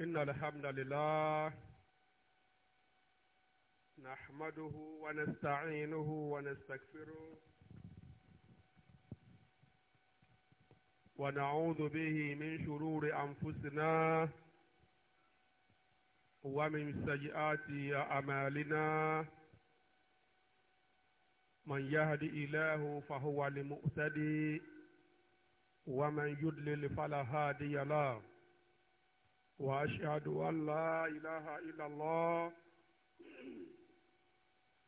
إن الحمد لله نحمده ونستعينه ونستغفره ونعوذ به من شرور أنفسنا ومن سيئات أعمالنا من يهد إله فهو لمؤتدي ومن يدلل فلا هادي له وأشهد أن لا إله إلا الله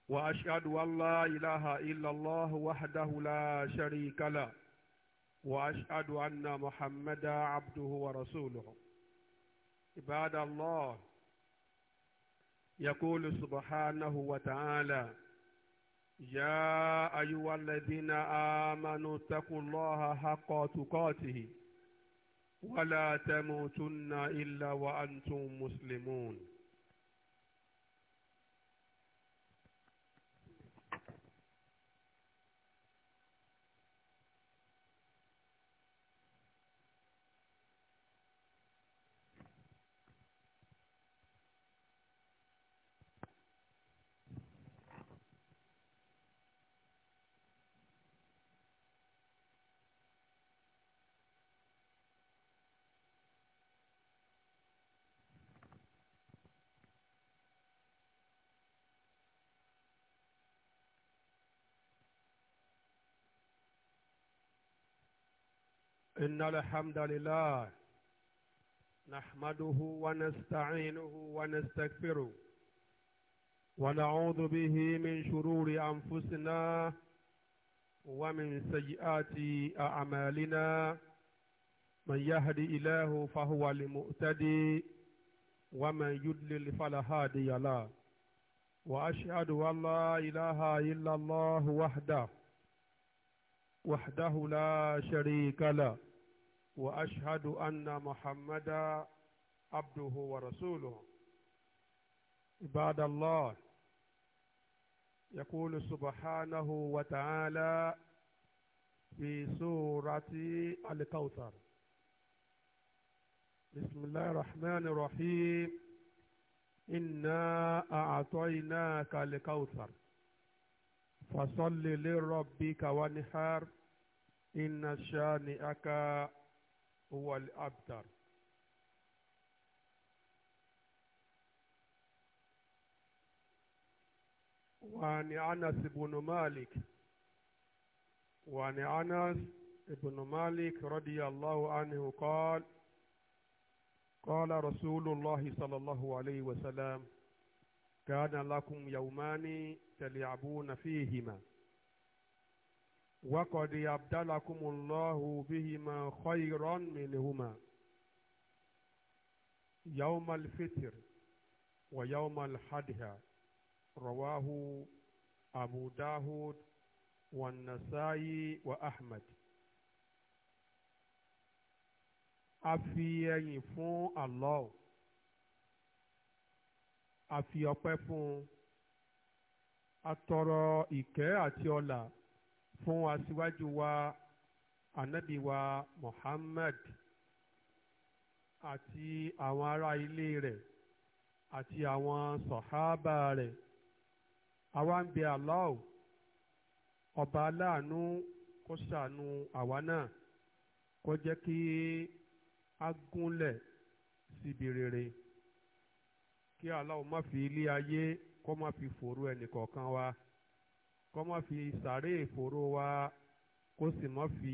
وأشهد أن لا اله الا الله وحده لا شريك له واشهد ان محمدا عبده ورسوله عباد الله يقول سبحانه وتعالى يا أيها الذين آمنوا اتقوا الله حق تقاته ولا تموتن إلا وأنتم مسلمون إن الحمد لله نحمده ونستعينه ونستغفره ونعوذ به من شرور أنفسنا ومن سيئات أعمالنا من يهدي إله فهو المؤتدي ومن يدلل فلا هادي له وأشهد أن لا إله إلا الله وحده وحده لا شريك له واشهد ان محمدا عبده ورسوله عباد الله يقول سبحانه وتعالى في سوره الكوثر بسم الله الرحمن الرحيم انا اعطيناك الكوثر فصل لربك وانحر ان شانئك هو الأبتر وعن أنس بن مالك وعن أنس بن مالك رضي الله عنه قال قال رسول الله صلى الله عليه وسلم كان لكم يومان تلعبون فيهما وقد يبدلكم الله بهما خيرا منهما يوم الفطر ويوم الحدها رواه أبو داود والنسائي وأحمد afi ẹyìn fún Allah afi ọpẹ́ fún atọrọ ìkẹ́ fún aṣíwájú wa ànábì wa Muhammad àti àwọn ará ilé rẹ̀ àti àwọn sọ̀hábà rẹ̀ àwa ń bẹ Allah ọba aláàánú kó ṣàánú àwa náà kó jẹ́ kí a gúnlẹ̀ síbi rere kí Allah má fi ilé ayé kó má fi fòró ẹnìkọ̀ọ̀kan wa kó má fi sàárè fòró wa kó sì má fi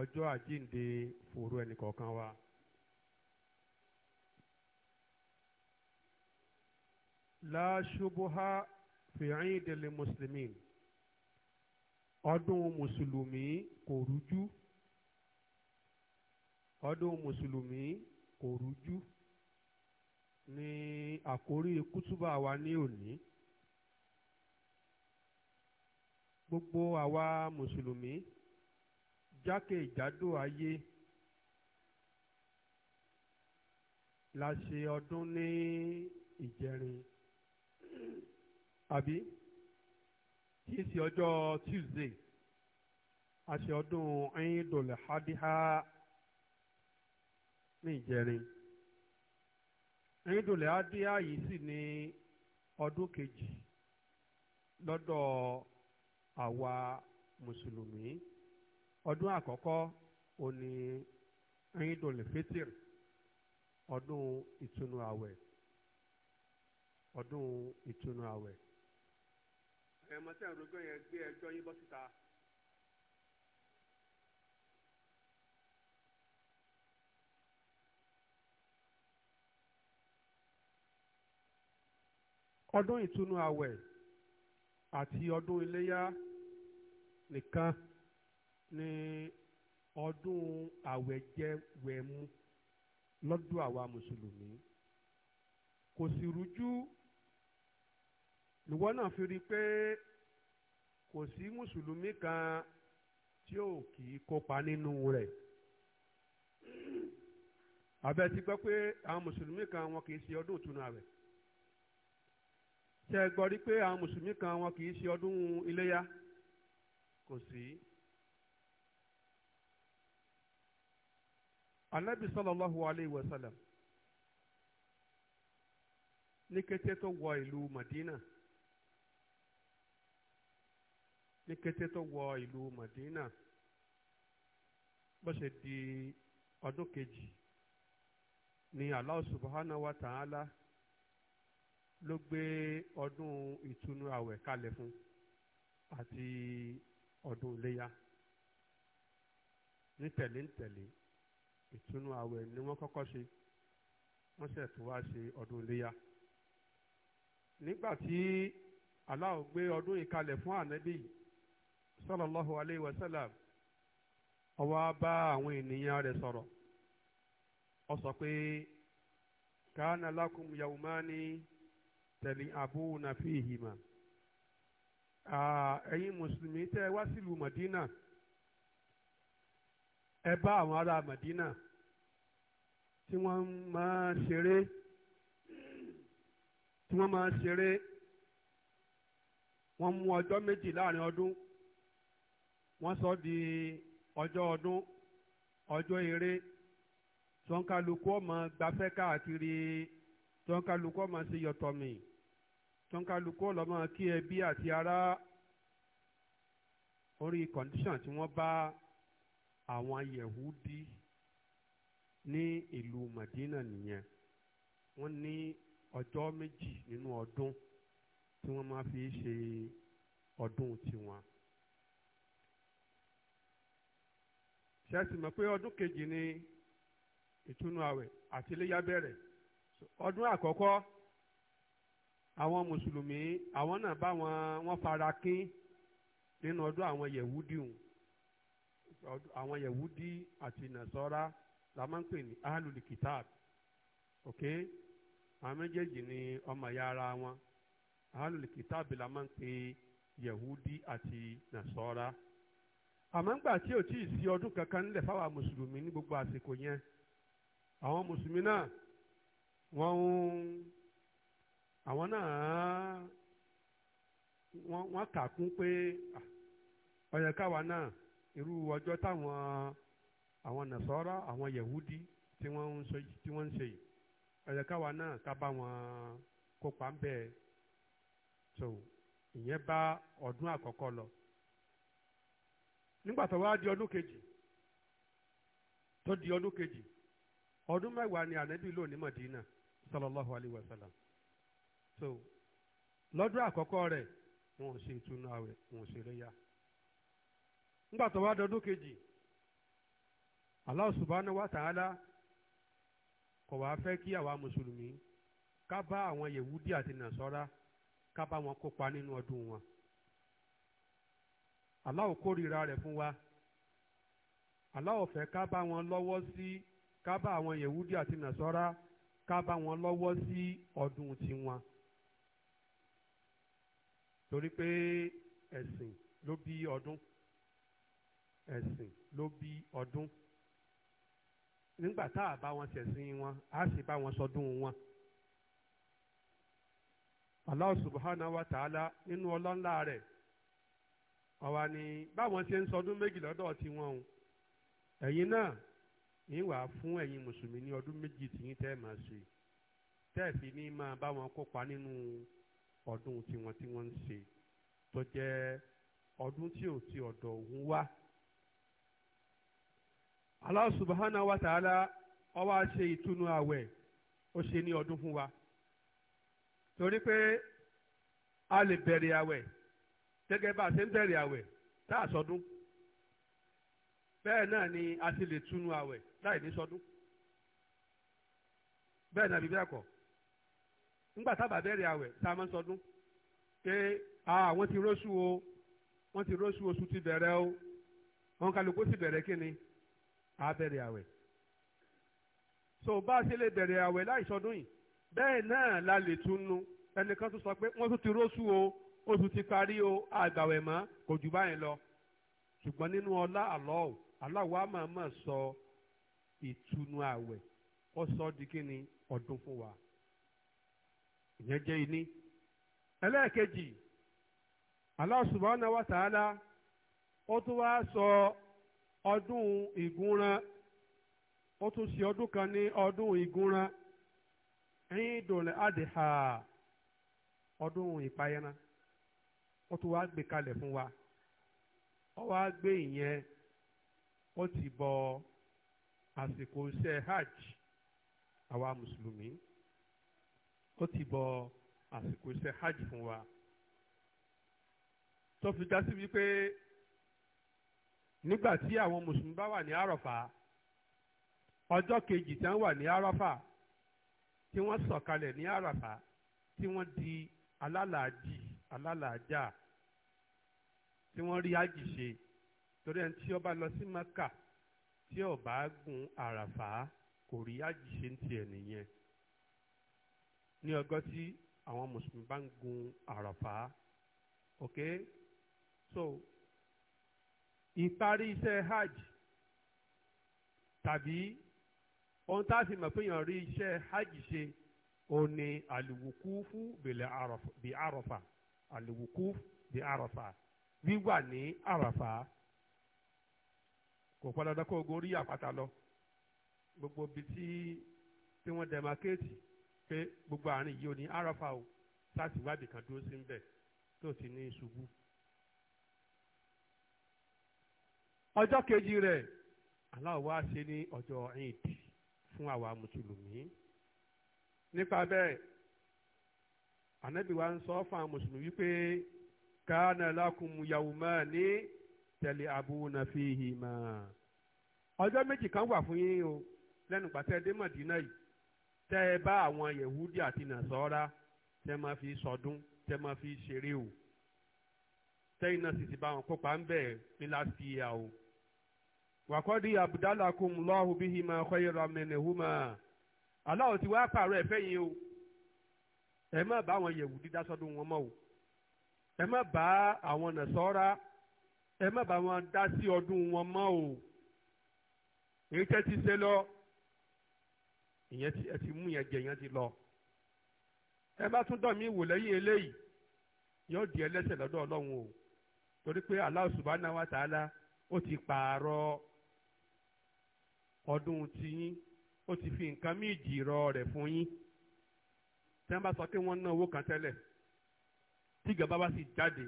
ọjọ́ àjíǹde fòró ẹnìkọ̀ọ̀kan wa. la ṣubuha fi ìdílé mùsùlùmí ọdún mùsùlùmí kò rújú ọdún mùsùlùmí kò rújú ní àkórí kútúbà wa ní òní. gbogbo àwa mùsùlùmí jákèjádò ayé la ṣe ọdún ní ìjẹrin àbí tí í ṣe ọjọ́ Tuesday a ṣe ọdún Eidul Adha ní ìjẹrin Eidul Adha yìí sì ní ọdún kejì lọ́dọ̀ àwa mùsùlùmí ọdún àkọ́kọ́ òní Eidul Fitr ọdún ìtúnu àwẹ̀ ọdún ìtúnu àwẹ̀. ẹ̀mọ tẹ́ ìrógbó yẹn gbé ẹjọ́ yín bọ́ síta. ọdún ìtúnu àwẹ̀ àti ọdún iléyá. nìkan ní ọdún àwẹ̀jẹwẹ̀mu lọ́dún àwa mùsùlùmí kò sì rújú ìwọ náà fi rí i pé kò sí mùsùlùmí kan tí ò kì í kópa nínú rẹ̀ àbẹ ti gbọ́ pé àwọn mùsùlùmí kan wọn kì í ṣe ọdún ìtúnu àwẹ̀ ṣe gbọ́ rí pé àwọn mùsùlùmí kan wọn kì í ṣe ọdún iléyà. kò sí. anabi sallallahu alayhi wa sallam ní kété tó wọ ìlú madina ní kété tó madina bó ṣe di ọdún kejì ni Allah subhanahu wa ta'ala ló gbé ọdún ìtúnu àwẹ̀ kalẹ̀ fún àti ọdún iléyà ní tẹ̀lé tẹ̀lé ìtúnú àwẹ̀ ni wọ́n kọ́kọ́ ṣe wọ́n ṣẹ̀ tó wá ṣe ọdún iléyà nígbà tí aláwọ̀ gbé ọdún yìí fún ànábì sallallahu alayhi wa sallam bá àwọn ènìyàn ẹ̀yin mùsùlùmí tẹ́ ẹ wá sílùú Mọ̀dínà ẹ bá àwọn ará Mọ̀dínà tí wọ́n máa ṣeré tí wọ́n máa ṣeré wọ́n mú ọjọ́ méjì láàrin ọdún wọ́n sọ di ọjọ́ ọdún ọjọ́ eré tọ́ńkálukú ọmọ gbafẹ́ káàkiri tọ́ńkálukú ọmọ sí yọtọ̀mì. tó ń kálukú ọlọ́mọ kí ẹbí àti ará orí kọ̀ǹdíṣàn tí wọ́n bá àwọn yẹ̀húdí ní ìlú Madina nìyẹn wọ́n ní ọjọ́ méjì nínú ọdún tí wọ́n máa fi ṣe ọdún tiwọn. ṣé mọ̀ pé ọdún kejì ni ìtúnu àwẹ̀ àti bẹ̀rẹ̀ ọdún àkọ́kọ́. So, àwọn mùsùlùmí àwọn náà bá wọn wọn fara kín nínú ọdún àwọn yẹ̀wúdì hùn àwọn yẹ̀wúdí àti nàṣọ́ra la máa ń pè ní ahlul kitab ok àwọn méjèèjì ni ọmọ ìyá ara wọn ahlul kitab la máa ń pè yẹ̀wúdí àti nàṣọ́ra àmọ́ ńgbà tí ò tíì sí ọdún kankan nílẹ̀ fáwọn mùsùlùmí ní gbogbo àsìkò yẹn àwọn mùsùlùmí náà wọ́n ń àwọn náà wọ́n wọ́n kà kún pé ó yẹ káwa náà irú ọjọ́ táwọn àwọn nàṣọ́rọ́ àwọn yẹ̀wúdí tí wọ́n ń ṣe tí wọ́n ń ṣe yìí ó káwa náà ká bá wọn kópa ń bẹ́ẹ̀ so ìyẹn bá ọdún àkọ́kọ́ lọ nígbà tó wá di ọdún kejì tó di ọdún kejì ọdún mẹ́wàá ni ànábì lò ní Madina sallallahu alayhi wa sallam so lọ́dún àkọ́kọ́ rẹ̀ wọn ò ṣe ìtúnu àwẹ̀ wọn ò ṣe iléyá nígbà tó wá dọdún kejì Allah subhanahu wa ta'ala kò wá fẹ́ kí àwa mùsùlùmí ká bá àwọn yẹ̀wúdí àti nàṣọ́ra ká bá wọn kópa nínú ọdún wọn Allah kórìíra rẹ̀ fún wa Allah fẹ́ ká bá wọn lọ́wọ́ sí ká bá àwọn yẹ̀wúdí àti nàṣọ́ra ká bá wọn lọ́wọ́ sí ọdún tiwọn torí pé ẹ̀sìn ló bí ọdún ẹ̀sìn ló bí ọdún nígbà tá a bá wọn ṣẹ̀sìn wọn a sì bá wọn sọdún wọn. Allah subhanahu wa ta'ala nínú ọlọ́ńlá rẹ̀ ọ̀wà ni báwọn ṣe ń sọdún méjì lọ́dọ̀ tiwọn o ẹ̀yin náà ní wàá fún ẹ̀yin mùsùlùmí ní ọdún méjì tìyín tẹ́ ẹ̀ máa ṣe tẹ́ẹ̀ fi ní máa bá wọn kópa nínú. ọdún tiwọn tí wọn ń ṣe tó jẹ ọdún tí ò ti ọ̀dọ̀ òun wá. wa ta'ala ó wá ṣe ìtúnu àwẹ̀ ó ṣe ní ọdún fún wa torí pé a lè bẹ̀rẹ̀ àwẹ̀ gẹ́gẹ́ bá a ṣe ń bẹ̀rẹ̀ àwẹ̀ tá a ni a ti lè túnu àwẹ̀ láì ní sọdún bẹ́ẹ̀ náà ńgbà tábà bẹ̀rẹ̀ àwẹ̀ tá a máa ń sọdún pé àwọn ti róṣù o wọ́n ti róṣù oṣù ti bẹ̀rẹ̀ o wọn kálukú sì bẹ̀rẹ̀ kí ni a bẹ̀rẹ̀ àwẹ̀ so bá a ṣe lè bẹ̀rẹ̀ àwẹ̀ láì sọdún yìí bẹ́ẹ̀ náà la lè tún nu ẹnìkan tó sọ pé wọ́n tún ti róṣù o oṣù ti parí o àgbàwẹ̀ mọ́ kò jù báyìí lọ ṣùgbọ́n nínú ọlá àlọ́ ò aláwọ̀ máa máa sọ ìtùnú àwẹ̀ ó sọ di kí ni ọdún fún wa. ìyẹn jẹ́ iní ẹlẹ́ẹ̀kejì Allah subhanahu wa ta'ala ó tún wá sọ ọdún ìgúnran ó tún ṣe ọdún kan ní ọdún ìgúnran Eidul Adha ọdún ìpayẹran ó tún wá gbé kalẹ̀ fún wa ó wá gbé ìyẹn ó ti bọ àsìkò iṣẹ́ hajj àwa mùsùlùmí. ó ti bọ àsìkò iṣẹ́ hajj fún wa tó fi já sí wípé nígbà tí àwọn mùsùlùmí bá wà ní àròfà ọjọ́ kejì tí wọ́n wà ní àròfà tí wọ́n sọ̀kalẹ̀ ní àròfà tí wọ́n di alálàájì alálàájà tí wọ́n rí hajj ṣe torí ẹni tí ó lọ sí maka tí ó gun àràfà kò rí hajj ṣe ń tiẹ̀ nìyẹn ní ọgọ́ tí àwọn mùsùlùmí bá ń gun àràfà ok so ìparí iṣẹ́ hajj tàbí ohun tá a fi mọ̀ pé èèyàn rí iṣẹ́ hajj ṣe òun ni àlùwùkúfù bí àràfà àlùwùkúfù bí àràfà wíwà ní àràfà kò pọn dandan kó o gorí àpáta lọ gbogbo bíi tí tí wọ́n dẹ̀mákéètì pé gbogbo àárín yìí ò ní arafa o láti wábì kan dúró sí níbẹ̀ tó ti ní ṣubú. ọjọ́ kejì rẹ̀ aláwọ̀ wá ṣe ní ọjọ́ eid fún àwa mùsùlùmí nípa bẹ́ẹ̀ ànábì wa ń sọ fún àwọn mùsùlùmí pé káánà lakum yawmani tẹ̀lé abúna fihima ọjọ́ méjì kan wà fún yín o lẹ́nu pàtẹ́ dé Mọ̀dínà yìí tẹ́ ẹ bá àwọn yehudi àti nasọ́ra tẹ́ máa fi sọdún tẹ́ máa fi ṣeré o tẹ́yìn náà sì ti bá wọn kópa ń bẹ̀ ní last year o. wàkọ́dí abdalakum lọ́hùn bíi ma khayra minhuma aláwọ̀ tí wàá pààrọ̀ ẹ̀fẹ́ yìí o ẹ má bá àwọn yehudi dá sọdún wọn mọ́ o ẹ má bá àwọn nasọ́ra ẹ má bá wọn dá sí ọdún wọn mọ́ o èyí tẹ́ ti ṣe lọ ìyẹn ti ẹ ti mú yẹn jẹ yẹn ti lọ ẹ bá tún dọ̀ mí wò lẹ́yìn eléyìí yóò di ẹlẹ́sẹ̀ lọ́dọ̀ ọlọ́run o torí pé Allah subhanahu wa ta'ala ó ti pààrọ̀ ọdún tiyín ó ti fi nǹkan míì jìrọ̀ rẹ̀ fún yín tí wọ́n bá sọ pé wọ́n ná owó kan tẹ́lẹ̀ tí ìjọba bá sì jáde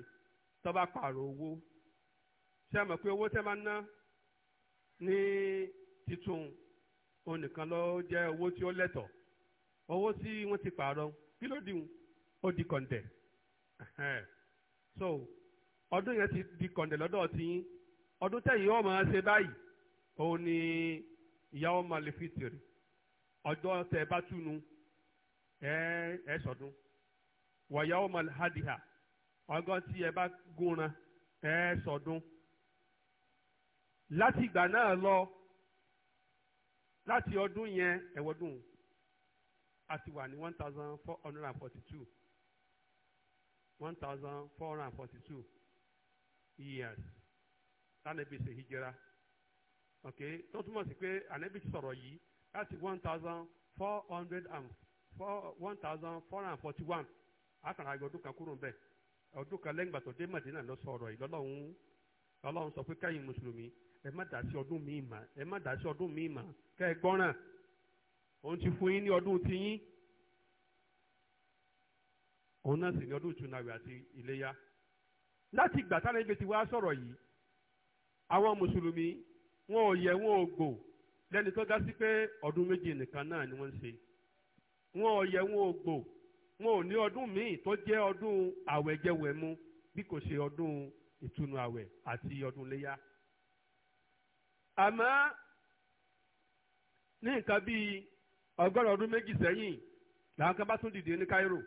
tó bá pààrọ̀ owó ṣé ẹ mọ̀ pé owó tẹ́ máa ná ní titun òun nìkan ló owó tí ó lẹ́tọ̀ owó tí wọ́n ti pààrọ̀ kí ló dì ó di kọ̀ǹdẹ̀ so ọdún yẹn ti di kọ̀ǹdẹ̀ lọ́dọ̀ tí ọdún tẹ̀yìn ọmọ ṣe báyìí òun ni ìyàwó malefitiri ọjọ́ tẹ bá túnu ẹ sọdún wàyàwó malhadiha ọgọ́ tí ẹ bá ẹ sọdún láti ìgbà náà lọ. láti ọdún yẹn ẹ̀wọ́dún a ti wà ní one thousand four hundred and forty two one thousand four hundred and forty two years tánàbí ṣe hijira ok tó túmọ̀ sí pé ànábì ti sọ̀rọ̀ yìí láti one thousand four hundred and four one thousand four hundred and forty one àkàrà ayọ̀ ọdún kan kúrò bẹ́ẹ̀ ọdún kan lẹ́yìn gbàtọ̀ dé Mẹ̀dínà lọ sọ̀rọ̀ yìí lọ́lọ́run lọ́lọ́run sọ pé káyìn mùsùlùmí ẹ má dá sí ọdún míì mà ẹ má dá ọdún mà ẹ òun ti fún yín ní ọdún tiyín òun náà sì ní ọdún ìtúnáwé àti iléyá láti ìgbà ẹgbẹ́ ti wá sọ̀rọ̀ yìí àwọn mùsùlùmí wọn ò yẹ wọn ò gbò lẹ́ni tó ga sí pé ọdún méjì nìkan náà ni wọ́n ń ṣe wọn ò yẹ wọn ò gbò wọn ò ní ọdún míì tó jẹ́ ọdún àmọ́ ní nǹkan bíi ọgọ́rùn ọdún méjì sẹ́yìn làwọn kan bá tún dìde ní Cairo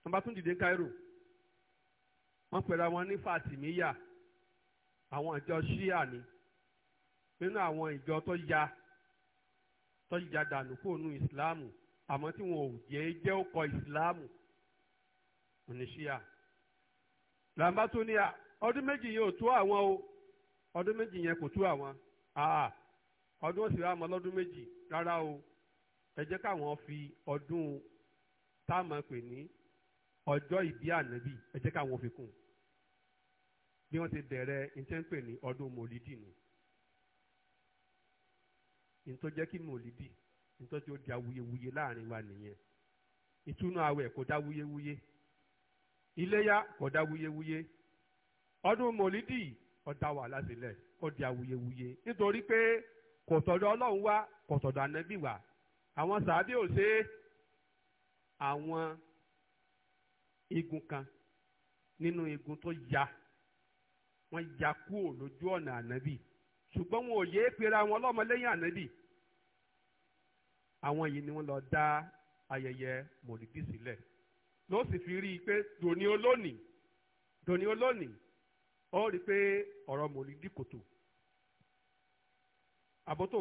wọ́n bá tún dìde ní Cairo wọ́n pẹ̀lú àwọn ní Fatimiya àwọn ìjọ Shia ni nínú àwọn ìjọ tó ya tó ya dànù fóònù Ìsìláàmù àmọ́ tí wọn ò jẹ́ jẹ́ ọkọ̀ Ìsìláàmù Shia làwọn bá tún ní ọdún méjì yóò tó àwọn o. ọdún méjì yẹn kò tú àwọn àà ọdún òsì rà mọ lọ́dún méjì rárá o ẹ jẹ́ káwọn fi ọdún táwọn pè ní ọjọ́ ìbí ànábì ẹ jẹ́ káwọn fi kún bí wọn ti bẹ̀rẹ̀ ìtẹ́ǹpè ní ọdún mòlídì nù jẹ́ kí mòlídì tí ó di awuyewuye láàrin wa nìyẹn ìtúnú àwẹ̀ kò dá wuyewuye iléyá kò dá wuyewuye ọdún mòlídì ó dá wàhálà sílẹ̀ ó di awuyewuye nítorí pé kò tọ̀dọ̀ ọlọ́run wá kò tọ̀dọ̀ ànábì wá àwọn sàábì ò ṣe àwọn igun kan nínú igun tó ya wọ́n ya kúrò lójú ọ̀nà ànábì ṣùgbọ́n wọn ò yéé pera wọn lọ́mọlẹ́yìn ànábì àwọn yìí ni wọ́n lọ dá ayẹyẹ mòlídì sílẹ̀ ló sì fi rí i pé dòní olónìí dòní olónìí Ọ rí pé ọ̀rọ̀ mòlídìí kòtò àbótò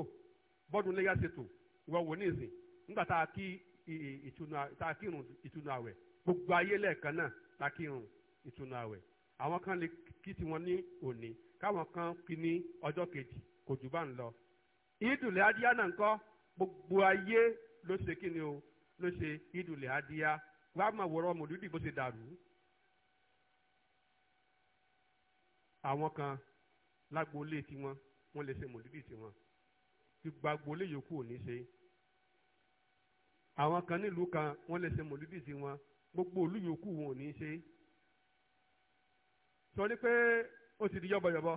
bọ́dún léyà ṣètò ìwọ wò ní ìsìn nígbà tá a kí gbogbo ayé lẹ́ẹ̀kan náà tá a kí irun àwẹ̀ àwọn kan lè kí tiwọn ní òní káwọn kan kí ní ọjọ́ kejì kò jù bá ń lọ ìdùlẹ̀ adíyá gbogbo ayé ló ṣe kí ni o ló ṣe ìdùlẹ̀ adíyá wàá máa wọ̀rọ̀ àwọn kan lágboolé tiwọn wọ́n lè ṣe mòlídìí tiwọn gbogbo agboolé yòókù ò ní ṣe àwọn kan nílùú kan wọ́n lè ṣe mòlídìí tiwọn gbogbo ìlú yòókù wọn ò ní ṣe sọ ni pé ó ti di yọ́bọ̀yọ̀bọ̀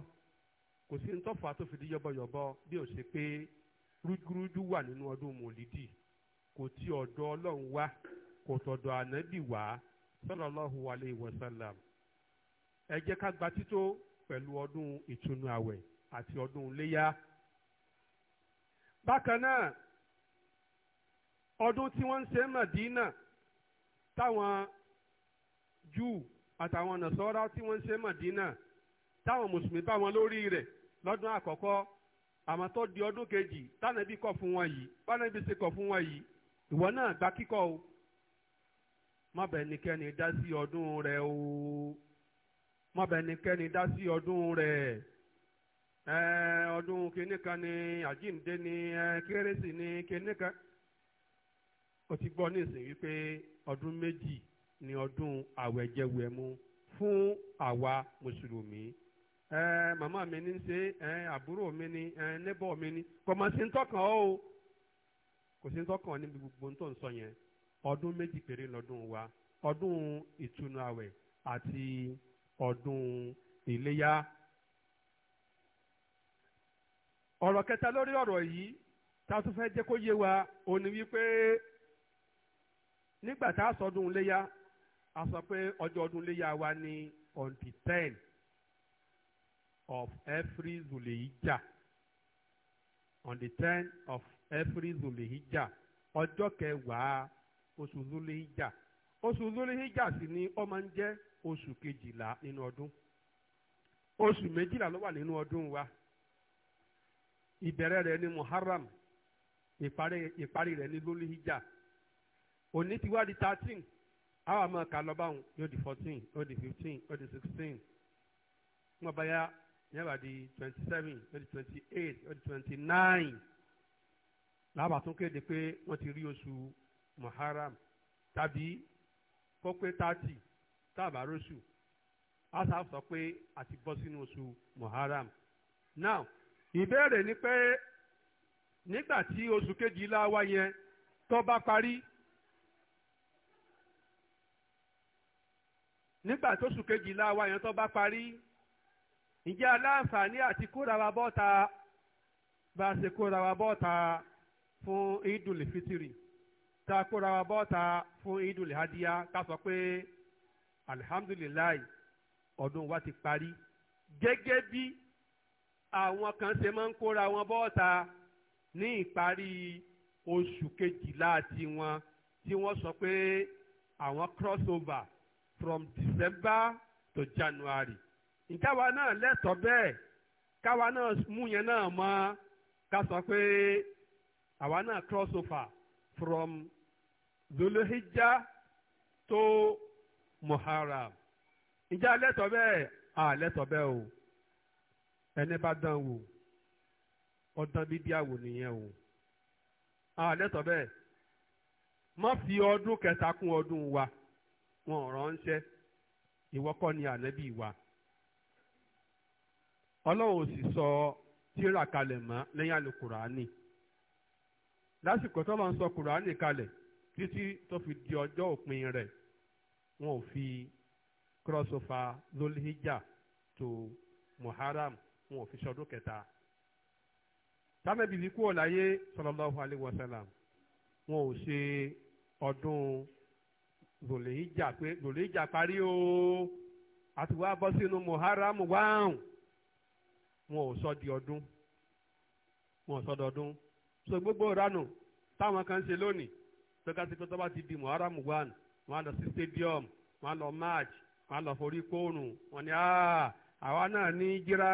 kò sí ní tọ́fà tó fi di yọ́bọ̀yọ̀bọ̀ bí ó ṣe pé rújúrújú wà nínú ọdún mòlídìí kò ti ọ̀dọ̀ ọlọ́run wá kò tọ̀dọ̀ ànábì wá sallallahu alaihi wasallam ẹ ká gba tító pẹ̀lú ọdún ìtúnu àwẹ̀ àti ọdún iléyá. bákan náà ọdún tí wọ́n ń ṣe mọ̀dínà táwọn júù àtàwọn nàṣọ́ra tí wọ́n ń ṣe mọ̀dínà táwọn mùsùlùmí bá wọn lórí rẹ̀ lọ́dún àkọ́kọ́ àmọ́ tó di ọdún kejì tánàbí kọ̀ fún wọn yìí bánàbí ṣe kọ̀ fún wọn yìí ìwọ náà gba kíkọ́ o má bẹ̀ ẹnikẹ́ni dá sí ọdún rẹ o. má bẹ ẹnikẹ́ni dá sí ọdún rẹ̀ ọdún kìíní kan ní àjíǹde ní kérésì ní kìíní kan ó ti gbọ́ nísìnyí wípé ọdún méjì ni ọdún àwẹ̀jẹwẹ̀mu fún àwa mùsùlùmí màmá mi ní ṣe àbúrò ní nébọ̀ mi ní kò mà sí o kò sí níbi gbogbo tó ń sọ wa ọdún ọdún iléyá. ọ̀rọ̀ kẹta lórí ọ̀rọ̀ yìí tá a tún fẹ́ jẹ́ kó yé wa ó ní wípé nígbà tá a sọdún iléyá a sọ pé ọjọ́ ọdún iléyá wa ní on the ten of every zulehijja on the ten of every zulehijja ọjọ́ kẹwàá oṣù zulehijja oṣù zulehijja sì ni ó ń jẹ́ oṣù kejìlá nínú ọdún oṣù méjìlá ló wà nínú ọdún wa ìbẹ̀rẹ̀ rẹ̀ ní muharram ìparí ìparí rẹ̀ ní lólihijjá òní ti wá di thirteen àwọn àmọ́ ká lọ yóò di fourteen yóò di fifteen yóò di sixteen wọn bá yá yẹn bá di twenty seven yóò di twenty eight yóò di twenty nine làbà tún kéde pé wọ́n ti rí oṣù muharram tàbí kó thirty tábà rọ́ṣù asa sọ pé a ti bọ́ sínú oṣù muharram now ìbéèrè ni pé nígbà tí oṣù kejìlá wa yẹn tó bá parí nígbà tó oṣù kejìlá wa yẹn tó bá parí ǹjẹ́ aláǹfààní àti kóra wa bọ́ta bá a ṣe kóra wa bọ́ta fún idul fitiri tá a kóra wa bọ́ta fún idul hadiya ká sọ pé. alihamudulilayi ọdún wa ti parí gẹ́gẹ́ bí àwọn kan ṣe máa ń kóra wọn bọ́ọ̀ta ní ìparí oṣù kejìlá tiwọn tí wọ́n sọ pé àwọn cross over from December to January ìjáwa náà lẹ́tọ̀ọ́ bẹ́ẹ̀ káwa náà mú yẹn náà mọ́ ká sọ pé àwa náà cross over from Zulhijja to. muharram ǹjẹ́ alẹ́tọ̀ bẹ́ẹ̀ alẹ́tọ̀ bẹ́ẹ̀ o ẹni bá dán wò ọdán bíbí àwò nìyẹn o alẹ́tọ̀ bẹ́ẹ̀ má fi ọdún kẹta kún ọdún wa wọn ránṣẹ́ ìwọ kọ́ ni ànábì wa ọlọ́run ò sì sọ tírà kalẹ̀ mọ́ lẹ́yìn àlùkùránì lásìkò tó lọ ń sọ kùránì kalẹ títí tó fi di ọjọ́ òpin rẹ̀ wọn ò fi crossover lólihíjà tó muharram wọn ò fi ṣọdún kẹta tánàbìbí kúrò láyé sallallahu alaihi wasallam wọn ò ṣe ọdún lòlẹ́híjà pé lòlẹ́híjà parí o àti wàá bọ́ sínú muharram wáhùn wọn ò sọ di ọdún wọn ò sọ so gbogbo ìranù táwọn kan ṣe lónìí tó ká sí pé tó bá ti di muharram wáhùn wọ́n lọ sí stadium lọ march ma lọ forí kóòrùn wọ́n ní ah, àwa náà ní jíra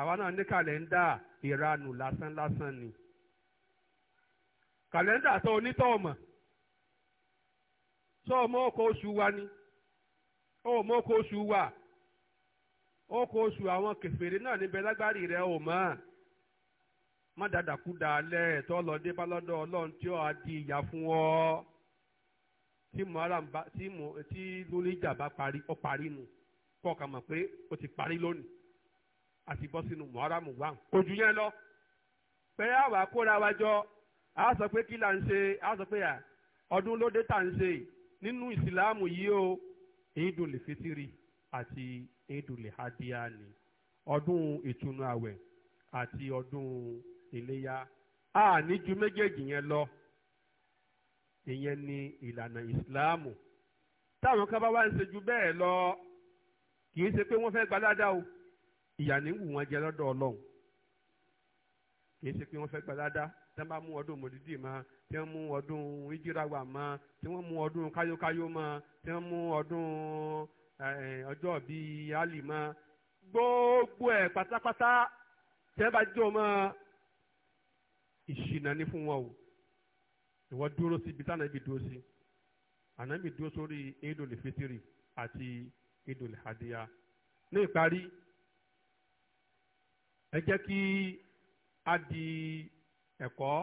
àwa náà ní kàlẹ́ńdà ìranù lásán lásán ni sọ onítọ̀ọ̀mọ̀ sọ ọmọ ọkọ̀ oṣù wa ni ọmọ ọkọ̀ oṣù wa ọkọ̀ oṣù àwọn kẹfẹ́rẹ́ náà níbẹ̀ lágbárí rẹ̀ ò mọ́ má dàdàkú dàálẹ̀ tọ́ bá lọ́dọ̀ ọlọ́run tí ó adi di fún ọ. tí muharam bá tí mu tí lóníjà bá parí ó parí nù kọ́ ka mọ̀ pé ó ti parí lónìí àti bọ́ sínú muharam wà kò jù yẹn lọ pé àwa kóra wa jọ a sọ pé kí là ń ṣe a sọ pé ọdún lóde tà ń ṣe nínú ìsìláàmù yìí o ìdùn lè fitiri àti ìdùn lè hadiya ni ọdún ìtúnu àwẹ̀ àti ọdún iléyá a ní ju méjèèjì yẹn lọ ìyẹn ni ìlànà ìsìláàmù táwọn kan bá wá ń ṣe ju bẹ́ẹ̀ lọ kì í ṣe pé wọ́n fẹ́ gbalada o ìyà ní wù wọ́n jẹ lọ́dọ̀ ọlọ́run kì í ṣe pé wọ́n fẹ́ gbalada tí wọ́n bá mú ọdún mòdìdì mọ́ tí wọ́n mú ọdún ìjíràwà mọ́ tí wọ́n mú ọdún káyókáyó mọ́ tí wọ́n mú ọdún ọjọ́ bíi alì mọ́ gbogbo ẹ̀ pátápátá tí wọ́n bá jó mọ́ ìṣìnà ní fún wọn o ìwọ dúró sí ibi tánàbí dúró sí ànábì dúró sórí idoli fitiri àti idoli hadiya ní ìparí ẹ jẹ́ kí a di ẹ̀kọ́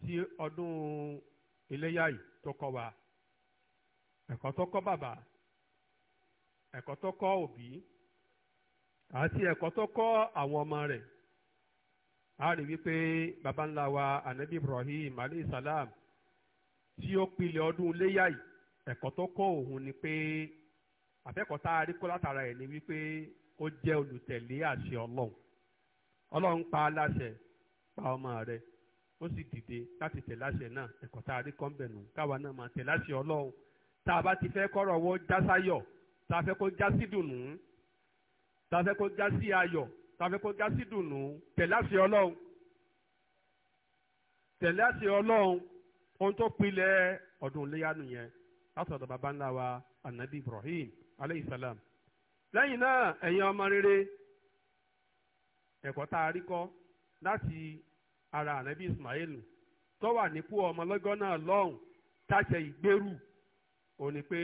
tí ọdún iléyà yìí tó kọ́ wa ẹ̀kọ́ tó kọ́ bàbá ẹ̀kọ́ tó kọ́ òbí àti ẹ̀kọ́ tó kọ́ àwọn ọmọ rẹ̀ a rí wípé baba ńlá wa anabi ibrahim aleyhi salam tí ó pilẹ̀ ọdún léyà yìí ẹ̀kọ́ tó kọ́ òun ni pé àfẹ́kọ̀ọ́ tá a rí kó látara ẹ̀ ni wípé ó jẹ́ olùtẹ̀lé àṣẹ ọlọ́run ọlọ́run pa á láṣẹ pa ọmọ rẹ̀ ó sì dìde láti tẹ̀lé náà ẹ̀kọ́ tá a rí kọ́ńbẹ̀nù káwa náà máa tẹ̀lé ọlọ́run tá a bá ti fẹ́ kọ́rọ̀ wọ́ jásáyọ̀ tá a fẹ́ kó jásí dùnú tá a fẹ́ kó jásí ayọ̀ tàbí kó já sí dùnú tẹ̀lé àṣẹ ọlọ́run tẹ̀lé àṣẹ ọlọ́run ohun tó pilẹ̀ ọdún anabi ibrahim aleyhi salam lẹ́yìn náà ẹ̀yin ọmọ rere ẹ̀kọ́ tá ara anabi ismail tó wà nípò ọmọ lọ́gọ́ náà lọ́hùn táṣẹ ìgbérù ò pé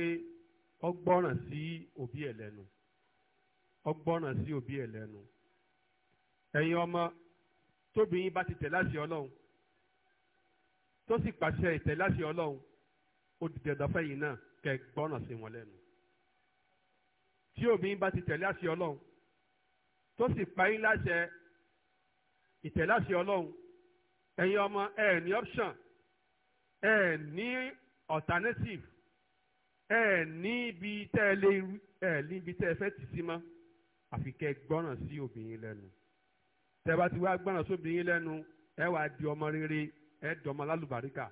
ọgbọ́ràn sí òbí ẹ̀yin ọmọ tóbìnrin bá ti tẹ̀ láti ọlọ́run tó sì pàṣẹ ìtẹ̀ láti ọlọ́run ó di dandan fẹ́yìn náà kẹ́ gbọ́ràn sí wọn lẹ́nu tí obìnrin bá ti tẹ̀ láti ọlọ́run tó sì parí láṣẹ ìtẹ̀ láti ọlọ́run ẹ̀yin ọmọ ẹ ní option ẹ ní alternative ẹ ní ibi tẹ́ ẹ lé ẹ ní ibi tẹ́ ẹ fẹ́ tì sí mọ́ àfi kẹ́ gbọ́ràn sí obìnrin lẹ́nu tẹ́bá ti wá gbọ́nà sóbì yín lẹ́nu ẹ wàá di ọmọ rere ẹ dọmọ lálùbáríkà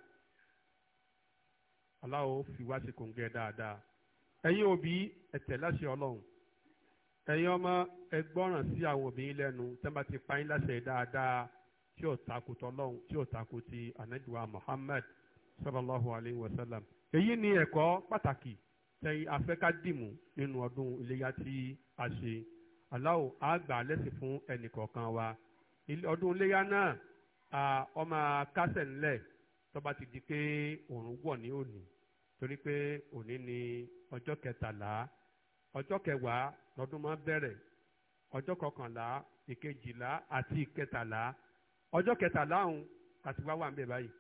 aláwo fi wá sí kòǹgẹ́ dáadáa ẹ̀yin òbí ẹ tẹ̀ láṣẹ ọlọ́run ẹ̀yin ọmọ ẹ gbọ́ràn sí àwọn òbí yín lẹ́nu tẹ́bá ti pa yín láṣẹ dáadáa tí ò takò tọ́lọ́run tí ò takò ti anaduwa Muhammad sallallahu alayhi wa sallam èyí ni ẹ̀kọ́ pàtàkì tẹ̀yìn afẹ́kádìmù nínú ọdún iléyà tí a ṣe. Allah á gbà lẹ́sìn fún ẹnìkọ̀ọ̀kan wa ọdún iléyà náà ọmọ kásẹ̀ ńlẹ̀ tó bá ti di pé òòrùn wọ̀ ní òní torí pé òní ni ọjọ́ kẹtàlá ọjọ́ kẹwàá lọ́dún máa bẹ̀rẹ̀ ọjọ́ kọkànlá ìkejìlá àti ìkẹtàlá ọjọ́ kẹtàlá ọ̀hún àti wá wà ń bẹ báyìí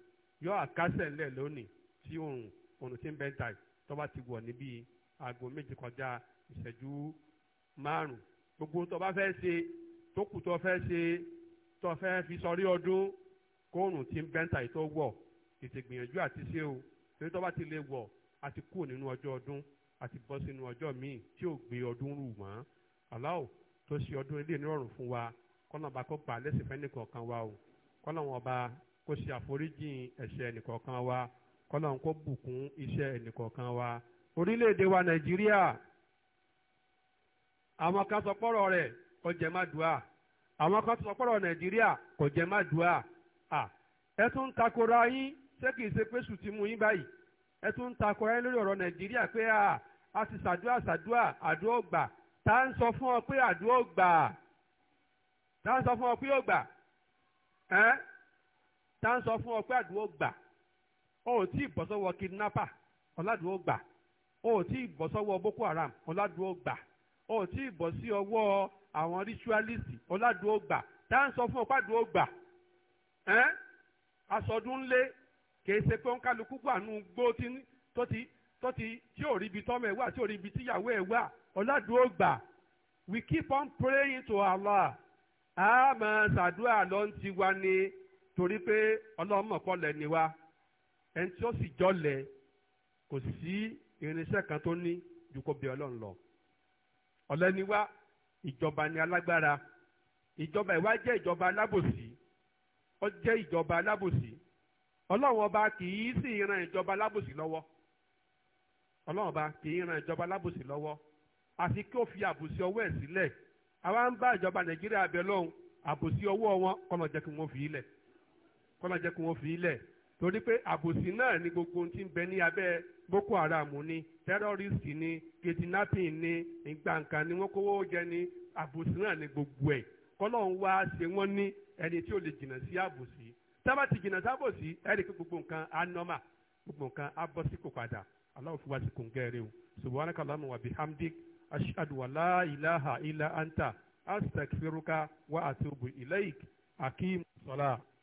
yọ àkásẹ̀ ńlẹ̀ lónìí tí òòrùn òòrùn ti ń bẹ́ ta ti wọ̀ níbi aago méjì kọjá ìṣẹ́jú márùn-ún gbogbo tó bá fẹ́ ṣe tó kù tó fẹ́ ṣe tó fẹ́ fi sọrí ọdún kóònù tí ń bẹ́ńtà yìí tó wọ̀ tètè gbìyànjú àti ṣe o torí tó bá ti lè wọ̀ àti kúrò nínú ọjọ́ ọdún àti bọ́ sínú ọjọ́ míì tí ò gbé ọdún rù mọ́ aláwọ̀ tó ṣe ọdún ilé nírọ̀rùn fún wa kọ́nà bá kó gbà lẹ́sìn fẹ́ni kọ̀ọ̀kan wa o kọ́nà wọn bá kó ṣe àforíjìn ẹ̀ṣẹ̀ ẹnìkọ̀ọ̀kan wa kọ́nà kó bùkún iṣẹ́ ẹnìkọ̀ọ̀kan wa orílẹ̀-èdè wa Nàìjíríà àwọn kan sọ pọ́rọ̀ rẹ̀ kò jẹ́ má dùá àwọn kan sọ pọ́rọ̀ nàìjíríà kò jẹ́ má dùá ẹ tún ń takora yín ṣé kìí ṣe pé sùn ti mú yín báyìí ẹ tún ń takora yín lórí ọ̀rọ̀ nàìjíríà pé a ti ṣàdúrà ṣàdúrà àdúrà gbà tá à ń sọ fún ọ pé àdúrà gbà tá à ń sọ fún ọ pé ó gbà tá à ń sọ fún ọ pé àdúrà gbà o tí ì bọ́ sọ́wọ́ kidnapper ọ̀làdúrà gbà o tí ì bọ́ sọ́wọ́ boko haram ọ̀làdúrà gbà o tí ì bọ̀ sí ọwọ́ àwọn ritualist ọ̀làdúrógbà tá à ń sọ fún ọ̀pádúrógbà ẹ́n asọdúnlé kìí ṣe pé ó ń kálukú gbà nù gbó tó ti tó ti tí ò ríbi tọ́mọ ẹ̀ wà tí ò ríbi tíyàwó ẹ̀ wà ọ̀làdúrógbà we keep on praying to Allah a máa ṣàdúrà lọ ń tiwa ni torí pé ọlọ́mọ̀pọ̀lẹ̀ ni wa ẹni tí ó sì jọlẹ̀ kò sí irinṣẹ́ kan tó ní ju kó bí ọlọ́run lọ ọ̀lẹ́ ni wá ìjọba ni alágbára ìjọba ìwá jẹ́ ìjọba alábòsí ó jẹ́ ìjọba alábòsí ọlọ́run ọba kì í sì ran ìjọba alábòsí lọ́wọ́ ọlọ́run ọba kì í ran ìjọba alábòsí lọ́wọ́ àti kí ó fi àbòsí ọwọ́ ẹ̀ sílẹ̀ àwa ń bá ìjọba nàìjíríà bẹ̀ lọ́hùn àbòsí ọwọ́ wọn kọ́nà jẹ́ kí wọ́n fi í lẹ̀ kọ́nà jẹ́ kí wọ́n fi í lẹ̀ torí pé àbòsí náà ni gbogbo ohun tí ń bẹ ní abẹ́ boko haram ni tẹ́rọ́rìsì ni kidnapping ni ìgbàǹkan ni wọ́n kówó jẹ ni àbòsí náà ni gbogbo ẹ̀ kọ́lọ́hún wá ṣe wọ́n ní ẹni tí ó lè jìnnà sí àbòsí tábà ti jìnnà sí àbòsí ẹ̀rí pé gbogbo nǹkan á nọ́mà gbogbo nǹkan á bọ́ sípò padà aláwọ̀ fún wa sí kòǹgẹ́ rẹ o subhanaka allahumma wa bihamdik ashhadu wa la ilaha illa anta astaghfiruka wa atubu ilaik akim salah.